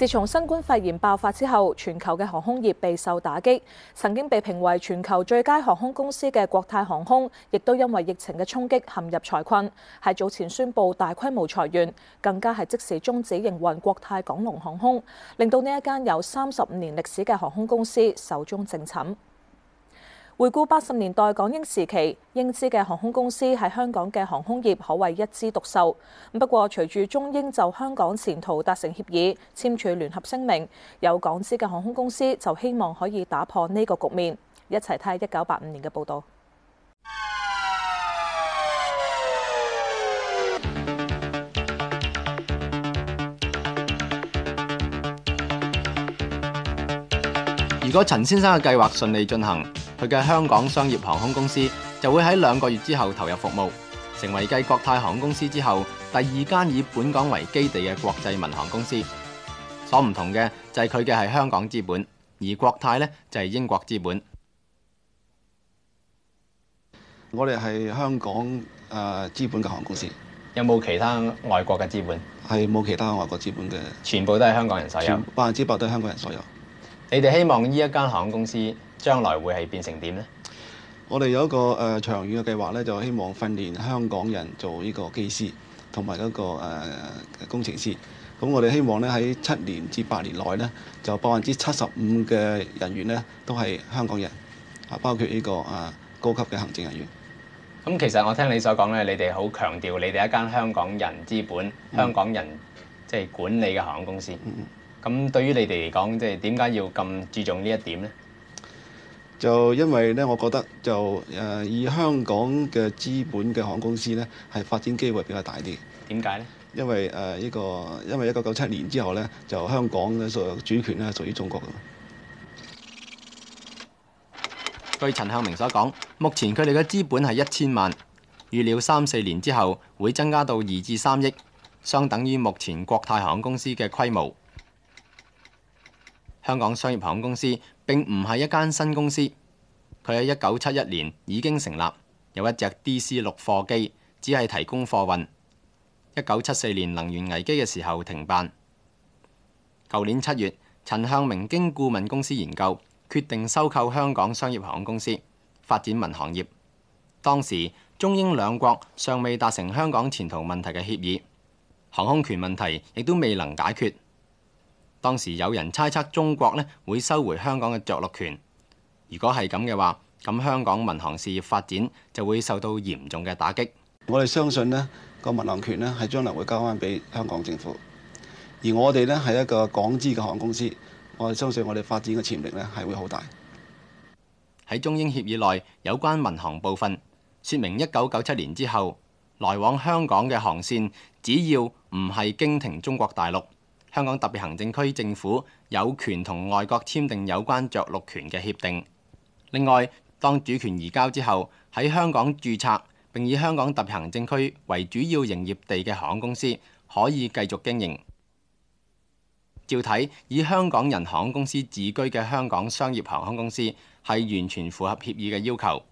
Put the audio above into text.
自從新冠肺炎爆發之後，全球嘅航空業備受打擊。曾經被評為全球最佳航空公司嘅國泰航空，亦都因為疫情嘅衝擊陷入財困，喺早前宣布大規模裁員，更加係即時終止營運國泰港龍航空，令到呢一間有三十五年歷史嘅航空公司壽終正寢。回顧八十年代港英時期，英資嘅航空公司喺香港嘅航空業可謂一枝獨秀。不過，隨住中英就香港前途達成協議，簽署聯合聲明，有港資嘅航空公司就希望可以打破呢個局面。一齊睇一九八五年嘅報道。如果陳先生嘅計劃順利進行，佢嘅香港商業航空公司就會喺兩個月之後投入服務，成為繼國泰航空公司之後第二間以本港為基地嘅國際民航公司。所唔同嘅就係佢嘅係香港資本，而國泰呢就係、是、英國資本。我哋係香港誒、呃、資本嘅航空公司，有冇其他外國嘅資本？係冇其他外國資本嘅，全部都係香港人所有，百分之百都係香港人所有。你哋希望呢一間航空公司？將來會係變成點呢？我哋有一個誒、呃、長遠嘅計劃咧，就希望訓練香港人做呢個機師同埋嗰個、呃、工程師。咁我哋希望咧喺七年至八年內咧，就百分之七十五嘅人員咧都係香港人啊，包括呢、這個啊、呃、高級嘅行政人員。咁其實我聽你所講咧，你哋好強調你哋一間香港人資本、嗯、香港人即係管理嘅航空公司。咁、嗯、對於你哋嚟講，即係點解要咁注重呢一點咧？就因為咧，我覺得就誒以香港嘅資本嘅航空公司咧，係發展機會比較大啲。點解呢？因為誒、這、呢個因為一九九七年之後咧，就香港嘅所有主權咧係屬於中國嘅。據陳向明所講，目前佢哋嘅資本係一千萬，預料三四年之後會增加到二至三億，相等於目前國泰航空公司嘅規模。香港商業航空公司並唔係一間新公司，佢喺一九七一年已經成立，有一隻 DC 六貨機，只係提供貨運。一九七四年能源危機嘅時候停辦。舊年七月，陳向明經顧問公司研究，決定收購香港商業航空公司，發展民航業。當時中英兩國尚未達成香港前途問題嘅協議，航空權問題亦都未能解決。當時有人猜測中國呢會收回香港嘅著陸權，如果係咁嘅話，咁香港民航事業發展就會受到嚴重嘅打擊。我哋相信呢個民航權呢係將來會交翻俾香港政府，而我哋呢係一個港資嘅航空公司，我哋相信我哋發展嘅潛力呢係會好大。喺中英協議內有關民航部分，説明一九九七年之後來往香港嘅航線只要唔係經停中國大陸。香港特別行政區政府有權同外國簽訂有關着陸權嘅協定。另外，當主權移交之後，喺香港註冊並以香港特別行政區為主要營業地嘅航空公司可以繼續經營。照睇，以香港人航空公司自居嘅香港商業航空公司係完全符合協議嘅要求。